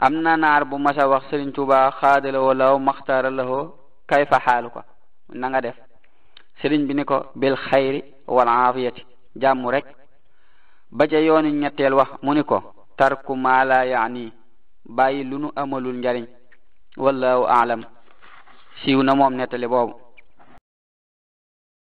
am na naar bu masa wax Sëriñ Tuuba xaadalawoo law maxtaaralawoo kay fa xaalu ko na def sëriñ bi ni ko bil xayri wal aafiyati jàmm rek ba ca yooni ñetteel wax mu ni ko tarku maa la yaani bàyyi lu nu amalul njariñ wallahu aalam siiw na moom nettali boobu